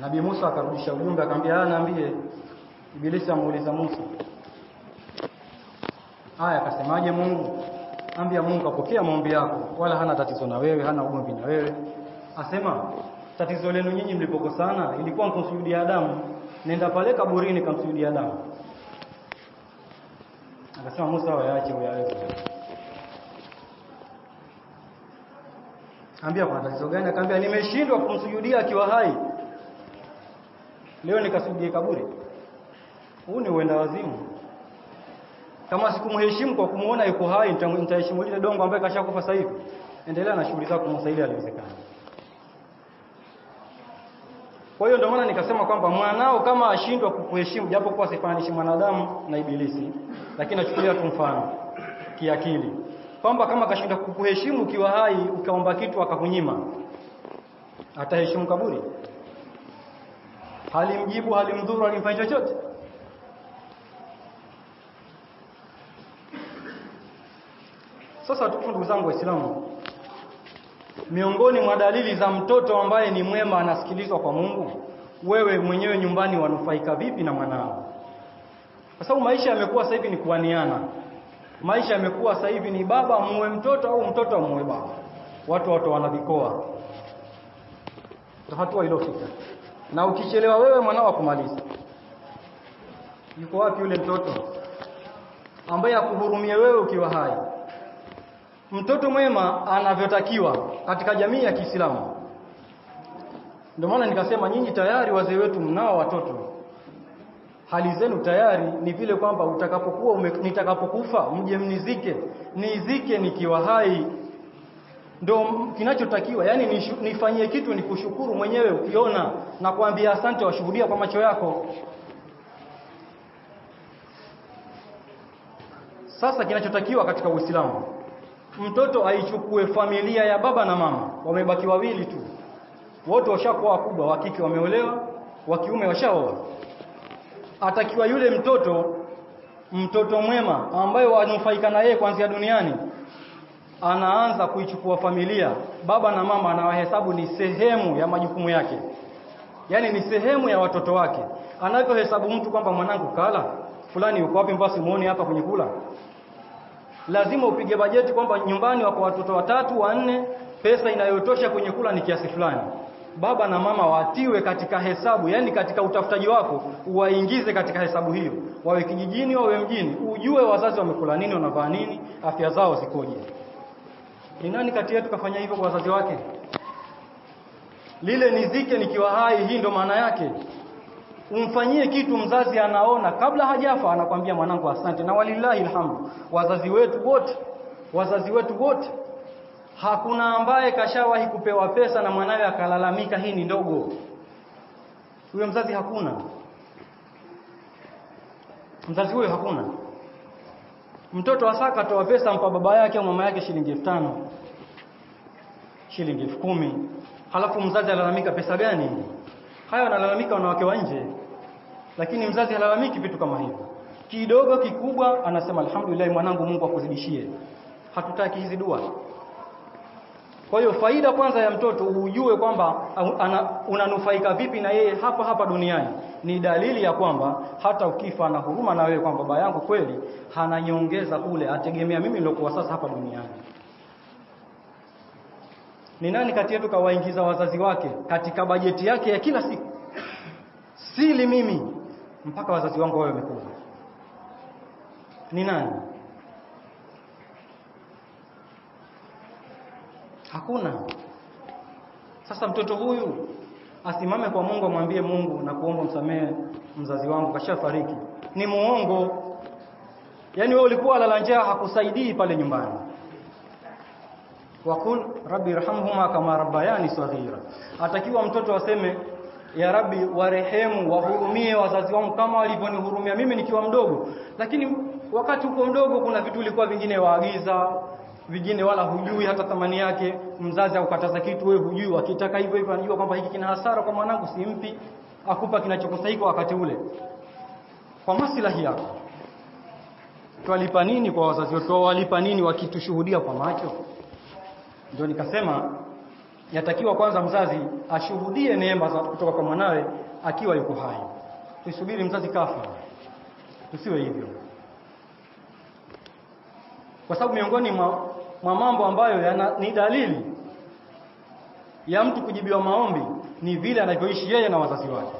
Nabii Musa akarudisha ujumbe akamwambia, ah, naambie. Ibilisi amuuliza Musa, haya akasemaje Mungu? Ambia Mungu apokea maombi yako, wala hana tatizo na wewe, hana ugomvi na wewe. Asema tatizo lenu nyinyi mlipokosana ilikuwa kumsujudia Adamu, nenda pale kaburini kamsujudia Adamu. Akasema Musa, waache uyaweze. Ambia kuna tatizo gani? Akamwambia nimeshindwa kumsujudia akiwa hai leo nikasujie kaburi huu ni uenda wazimu kama sikumheshimu kwa kumuona yuko hai nitaheshimu ile dongo ambayo kashakufa sasa hivi endelea na shughuli zako msaili aliwezekana kwa hiyo ndio maana nikasema kwamba mwanao kama ashindwa kukuheshimu japo kwa sifanishi mwanadamu na ibilisi lakini nachukulia tu mfano kiakili kwamba kama kashinda kukuheshimu ukiwa hai ukaomba kitu akakunyima ataheshimu kaburi halimjibu halimdhuru halimfanya chochote sasa tukufu ndugu zangu waislamu miongoni mwa dalili za mtoto ambaye ni mwema anasikilizwa kwa Mungu wewe mwenyewe nyumbani wanufaika vipi na mwanao kwa sababu maisha yamekuwa sasa hivi ni kuaniana maisha yamekuwa sasa hivi ni baba muwe mtoto au mtoto muwe baba watu watu wanavikoa tafatua hilo fikra na ukichelewa wewe mwanao akumaliza yuko wapi yule mtoto ambaye akuhurumia wewe ukiwa hai mtoto mwema anavyotakiwa katika jamii ya Kiislamu ndio maana nikasema nyinyi tayari wazee wetu mnao watoto hali zenu tayari ni vile kwamba utakapokuwa nitakapokufa mje mnizike nizike nikiwa hai ndio kinachotakiwa yani nifanyie kitu ni kushukuru mwenyewe ukiona na kuambia asante washuhudia kwa macho yako sasa kinachotakiwa katika Uislamu mtoto aichukue familia ya baba na mama wamebaki wawili tu wote washakuwa wakubwa wa kike wameolewa wa kiume washaoa atakiwa yule mtoto mtoto mwema ambaye wanufaika na yeye kuanzia duniani anaanza kuichukua familia, baba na mama anawahesabu ni sehemu ya majukumu yake, yaani ni sehemu ya watoto wake. Anavyohesabu mtu kwamba mwanangu kala fulani, uko wapi? mbasi muone hapa kwenye kula? Lazima upige bajeti kwamba nyumbani wako watoto watatu wanne, pesa inayotosha kwenye kula ni kiasi fulani. Baba na mama watiwe katika hesabu, yaani katika utafutaji wako uwaingize katika hesabu hiyo, wawe kijijini, wawe mjini, ujue wazazi wamekula nini, wanavaa nini, afya zao zikoje. Ni nani kati yetu kafanya hivyo kwa wazazi wake? Lile nizike nikiwa hai, hii ndo maana yake. Umfanyie kitu mzazi anaona kabla hajafa, anakwambia mwanangu, asante. Na walillahi alhamdu, wazazi wetu wote, wazazi wetu wote, hakuna ambaye kashawahi kupewa pesa na mwanawe akalalamika hii ni ndogo. Huyo mzazi hakuna, mzazi huyo hakuna mtoto saka toa pesa mpa baba yake au mama yake shilingi 5000 shilingi 10000 halafu mzazi alalamika pesa gani hayo analalamika wanawake wa nje lakini mzazi halalamiki vitu kama hivyo kidogo kikubwa anasema alhamdulillah mwanangu Mungu akuzidishie hatutaki hizi dua kwa hiyo faida kwanza ya mtoto ujue kwamba unanufaika vipi na yeye hapa hapa duniani. Ni dalili ya kwamba hata ukifa na huruma na wewe kwamba baba yangu kweli hananyongeza kule ategemea mimi nilokuwa sasa hapa duniani. Ni nani kati yetu kawaingiza wazazi wake katika bajeti yake ya kila siku? Sili mimi mpaka wazazi wangu wawe wamekufa. Ni nani? Hakuna. Sasa mtoto huyu asimame kwa Mungu amwambie Mungu na kuomba msamehe mzazi wangu kashafariki. Ni muongo. Yaani wewe ulikuwa lala njaa hakusaidii pale nyumbani. Wakul rabbi irhamhuma kama rabbayani saghira. Atakiwa mtoto aseme ya Rabbi warehemu wahurumie wazazi wangu kama walivyonihurumia mimi nikiwa mdogo. Lakini wakati uko mdogo kuna vitu ulikuwa vingine waagiza, vingine wala hujui hata thamani yake. Mzazi akukataza kitu, wewe hujui, wakitaka hivyo hivyo, anajua kwamba hiki kina hasara kwa mwanangu, simpi, akupa kinachokusaidia wakati ule, kwa maslahi yako. Twalipa nini kwa wazazi wetu? walipa nini wakitushuhudia kwa macho? Ndio nikasema yatakiwa kwanza mzazi ashuhudie neema za kutoka kwa mwanawe akiwa yuko hai. Tusubiri mzazi kafa, tusiwe hivyo, kwa sababu miongoni mwa mwa mambo ambayo yana, ni dalili ya mtu kujibiwa maombi ni vile anavyoishi yeye na wazazi wake.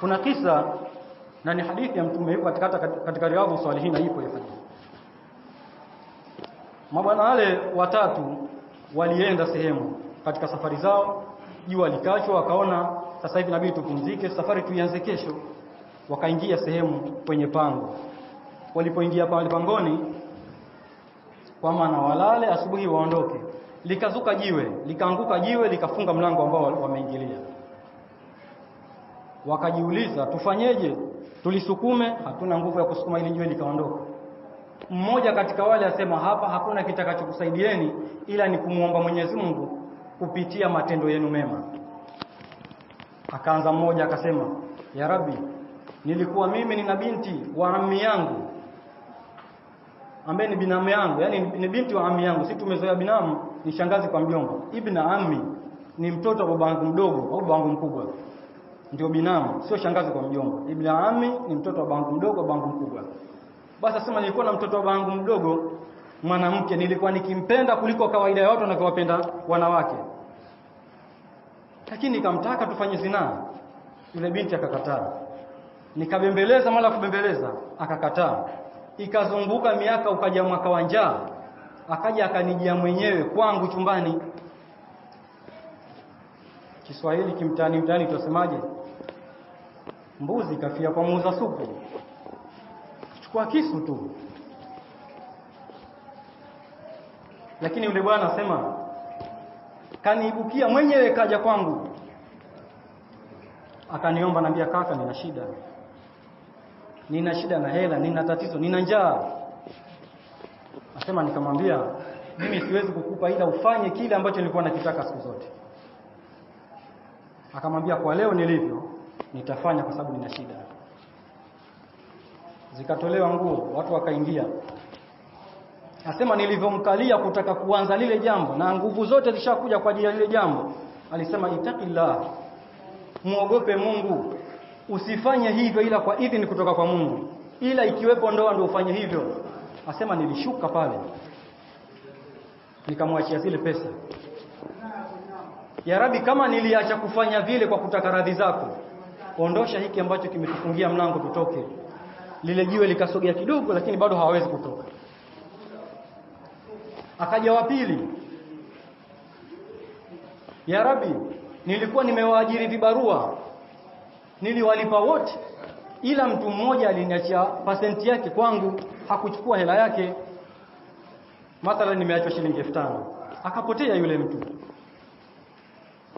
Kuna kisa na ni hadithi ya Mtume katika katika riadhu salihina, ipo ya hadithi. Mabwana wale watatu walienda sehemu katika safari zao, jua likachwa, wakaona sasa hivi inabidi tupumzike, safari tuianze kesho. Wakaingia sehemu kwenye pango. Walipoingia pale pangoni, kwa maana walale asubuhi waondoke likazuka jiwe likaanguka jiwe likafunga mlango ambao wameingilia wakajiuliza tufanyeje tulisukume hatuna nguvu ya kusukuma ili jiwe likaondoka mmoja katika wale asema hapa hakuna kitakachokusaidieni ila ni kumwomba Mwenyezi Mungu kupitia matendo yenu mema akaanza mmoja akasema ya rabbi nilikuwa mimi nina binti wa ammi yangu ambaye ni binamu yangu, yani ni binti wa ammi yangu. si tumezoea binamu ni shangazi kwa mjomba. Ibn ammi ni mtoto wa babangu mdogo au babangu mkubwa, ndio binamu, sio shangazi kwa mjomba. Ibn ammi ni mtoto wa babangu mdogo au babangu mkubwa. Basi sema nilikuwa na mtoto wa babangu mdogo mwanamke, nilikuwa nikimpenda kuliko kawaida ya watu wanavyowapenda wanawake, lakini nikamtaka tufanye zinaa. Yule binti akakataa, nikabembeleza mara kubembeleza, akakataa ikazunguka miaka ukaja mwaka wa njaa akaja akanijia mwenyewe kwangu chumbani Kiswahili kimtani mtani tutasemaje mbuzi kafia kwa muuza supu chukua kisu tu lakini yule bwana anasema kaniibukia mwenyewe kaja kwangu akaniomba naambia kaka nina shida nina shida na hela, nina tatizo, nina njaa. Asema nikamwambia mimi siwezi kukupa ila ufanye kile ambacho nilikuwa nakitaka siku zote. Akamwambia kwa leo nilivyo nitafanya kwa sababu nina shida. Zikatolewa nguo, watu wakaingia. Asema nilivyomkalia kutaka kuanza lile jambo na nguvu zote zishakuja kwa ajili ya lile jambo, alisema itaqillah, muogope Mungu usifanye hivyo ila kwa idhini kutoka kwa Mungu ila ikiwepo ndoa ndio ufanye hivyo asema nilishuka pale nikamwachia zile pesa ya Rabbi kama niliacha kufanya vile kwa kutaka radhi zako ondosha hiki ambacho kimetufungia mlango tutoke lile jiwe likasogea kidogo lakini bado hawawezi kutoka akaja wa pili ya Rabbi nilikuwa nimewaajiri vibarua niliwalipa wote ila mtu mmoja aliniachia pasenti yake kwangu hakuchukua hela yake mathalan nimeachwa shilingi 5000 akapotea yule mtu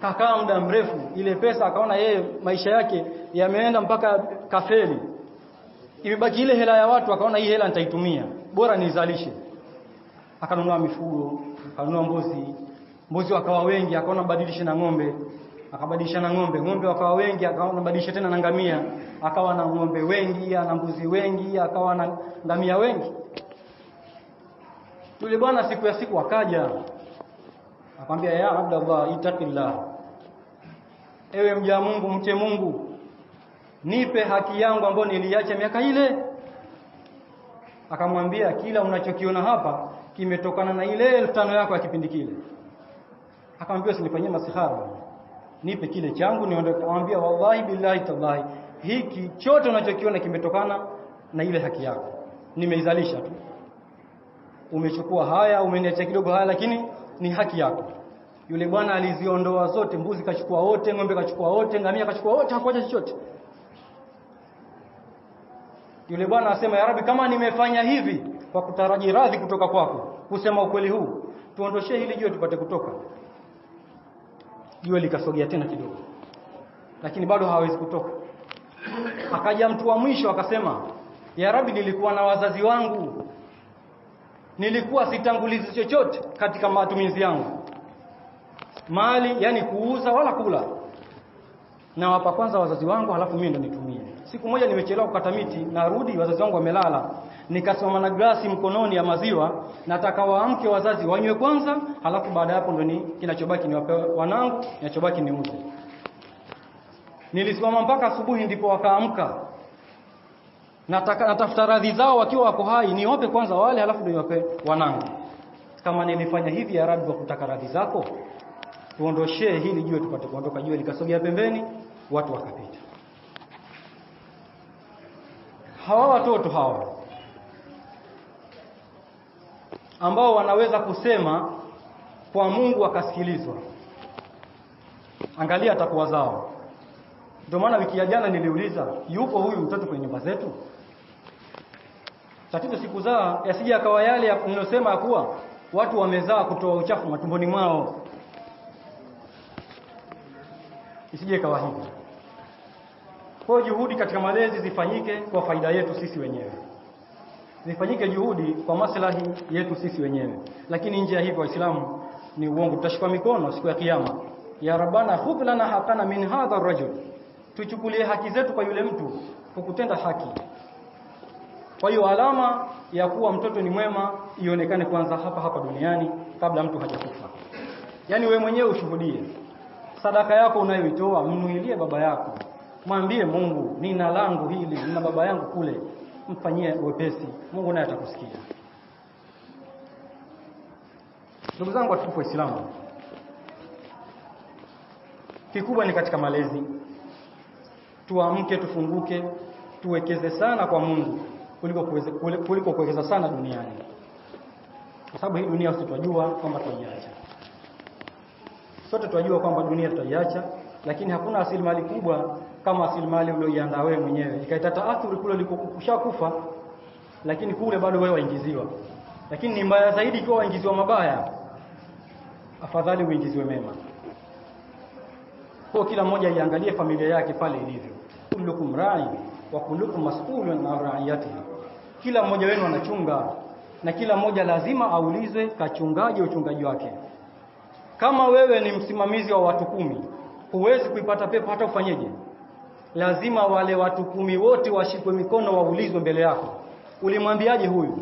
kakaa muda mrefu ile pesa akaona yeye maisha yake yameenda mpaka kafeli imebaki ile hela ya watu akaona hii hela nitaitumia bora nizalishe akanunua mifugo akanunua mbuzi mbuzi wakawa wengi akaona badilishe na ng'ombe akabadilishana ng'ombe, ng'ombe wakawa wengi, akawa anabadilisha tena na ngamia, akawa na ng'ombe wengi, ana mbuzi wengi, akawa na ngamia wengi. Yule bwana siku ya siku akaja akamwambia, ya Abdallah, itaqillah, ewe mja Mungu, mche Mungu, nipe haki yangu ambayo niliacha miaka ile. Akamwambia, kila unachokiona hapa kimetokana na ile elfu tano yako ya kipindi kile. Akamwambia, usinifanyie masihara nipe kile changu niondoke. Akamwambia wallahi billahi tallahi, hiki chote unachokiona kimetokana na ile haki yako, nimeizalisha tu. Umechukua haya, umeniacha kidogo haya, lakini ni haki yako. Yule bwana aliziondoa zote, mbuzi kachukua wote, ng'ombe kachukua wote, ngamia kachukua wote, hakuacha chochote. Yule bwana asema, ya Rabbi, kama nimefanya hivi kwa kutaraji radhi kutoka kwako, kusema ukweli huu, tuondoshee hili jiwe tupate kutoka jua likasogea tena kidogo lakini bado hawezi kutoka akaja mtu wa mwisho akasema ya rabbi nilikuwa na wazazi wangu nilikuwa sitangulizi chochote katika matumizi yangu mali yani kuuza wala kula na wapa kwanza wazazi wangu halafu mimi ndo nitumie siku moja nimechelewa kukata miti narudi wazazi wangu wamelala nikasoma na glasi mkononi ya maziwa, nataka waamke wazazi wanywe kwanza, halafu baada hapo ndo ni kinachobaki niwape wanangu, kinachobaki niuze. Nilisimama mpaka asubuhi, ndipo wakaamka. Nataka natafuta radhi zao wakiwa wako hai, niwape kwanza wale, halafu ndo niwape wanangu. Kama nilifanya hivi, ya Rabbi, kwa kutaka radhi zako, tuondoshee hili jua tupate kuondoka. Jua likasogea pembeni, watu wakapita. Hawa watoto hawa ambao wanaweza kusema kwa Mungu akasikilizwa. Angalia atakuwa zao. Ndio maana wiki ya jana niliuliza, yupo huyu mtoto kwenye nyumba zetu? Tatizo siku zaa yasije akawa yale ya ninosema ya kuwa watu wamezaa kutoa uchafu matumboni mwao. Isije ikawa hivyo. Kwa juhudi katika malezi zifanyike kwa faida yetu sisi wenyewe zifanyike juhudi kwa maslahi yetu sisi wenyewe. Lakini nje ya hivyo Waislamu ni uongo, tutashikwa mikono siku ya Kiyama. Ya Rabbana khudh lana haqqana min hadha rajul, tuchukulie haki zetu kwa yule mtu kwa kutenda haki. Kwa hiyo alama ya kuwa mtoto ni mwema ionekane kwanza hapa hapa duniani kabla mtu hajakufa. yani we mwenyewe ushuhudie sadaka yako unayoitoa, mnuilie baba yako, mwambie Mungu, nina langu hili, nina baba yangu kule mfanyie wepesi, Mungu naye atakusikia. Ndugu zangu watukufu Waislamu, kikubwa ni katika malezi. Tuamke, tufunguke, tuwekeze sana kwa Mungu kuliko kuweze, kuliko kuwekeza sana duniani, kwa sababu hii dunia tunajua kwamba tutaiacha. Sote tunajua kwamba dunia tutaiacha, lakini hakuna asilimali kubwa kama asilimali ulioiandaa wewe mwenyewe, ikaita taathuri kule ulikokushakufa lakini kule bado wewe waingiziwa. Lakini ni mbaya zaidi kwa waingiziwa mabaya, afadhali uingiziwe mema. Kwa kila mmoja iangalie familia yake pale ilivyo. Kullukum rai wa kullukum mas'ulun an ra'iyatihi, kila mmoja wenu anachunga na kila mmoja lazima aulizwe kachungaje uchungaji wake. Kama wewe ni msimamizi wa watu kumi, huwezi kuipata pepo hata ufanyeje lazima wale watu kumi wote washikwe mikono waulizwe mbele yako ulimwambiaje huyu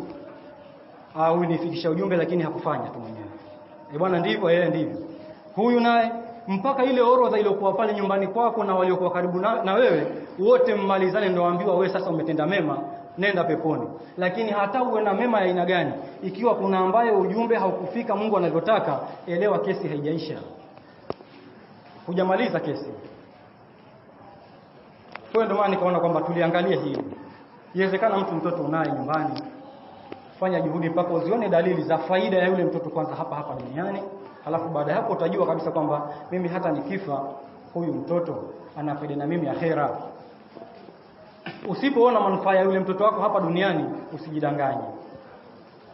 ah, huyu nifikisha ujumbe lakini hakufanya tu mwenyewe eh bwana ndivyo yeye eh, ndivyo huyu naye mpaka ile orodha iliyokuwa pale nyumbani kwako na waliokuwa karibu na, na wewe wote mmalizane ndio waambiwa wewe sasa umetenda mema nenda peponi lakini hata uwe na mema ya aina gani ikiwa kuna ambaye ujumbe haukufika Mungu anavyotaka elewa kesi haijaisha hujamaliza kesi hiyo ndio maana nikaona kwamba tuliangalia hili. Iwezekana mtu mtoto unaye nyumbani, fanya juhudi mpaka uzione dalili za faida ya yule mtoto kwanza hapa hapa duniani, halafu baada ya hapo utajua kabisa kwamba mimi hata nikifa huyu mtoto ana faida na mimi akhera. Usipoona manufaa ya yule mtoto wako hapa duniani, usijidanganye.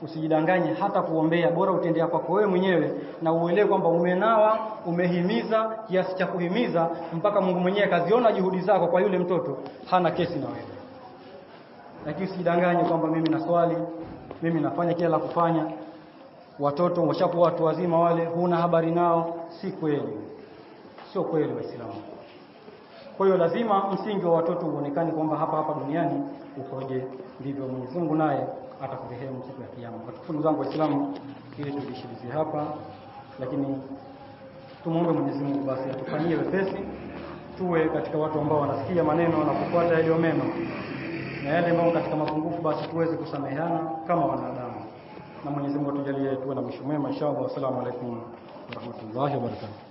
Usijidanganye hata kuombea, bora utendea kwako wewe mwenyewe na uelewe kwamba umenawa, umehimiza kiasi cha kuhimiza, mpaka Mungu mwenyewe akaziona juhudi zako. Kwa yule mtoto hana kesi na wewe, lakini usijidanganye kwamba mimi naswali, mimi nafanya kila la kufanya. Watoto washakuwa watu wazima, wale huna habari nao. Si kweli, sio kweli, Waislamu. Kwa hiyo lazima msingi wa watoto uonekane kwamba hapa hapa duniani ukoje, ndivyo Mwenyezi Mungu naye atakurehemu siku ya Kiyama. Watukufu ndugu zangu Waislamu, ili tulishirizi hapa, lakini tumwombe Mwenyezi Mungu basi atufanyie wepesi, tuwe katika watu ambao wanasikia maneno na kufuata yaliyo mema, na yale ambao katika mapungufu basi tuweze kusameheana kama wanadamu, na Mwenyezi Mungu atujalie tuwe na mwisho mwema inshallah. Wassalamu alaikum warahmatullahi wabarakatuh.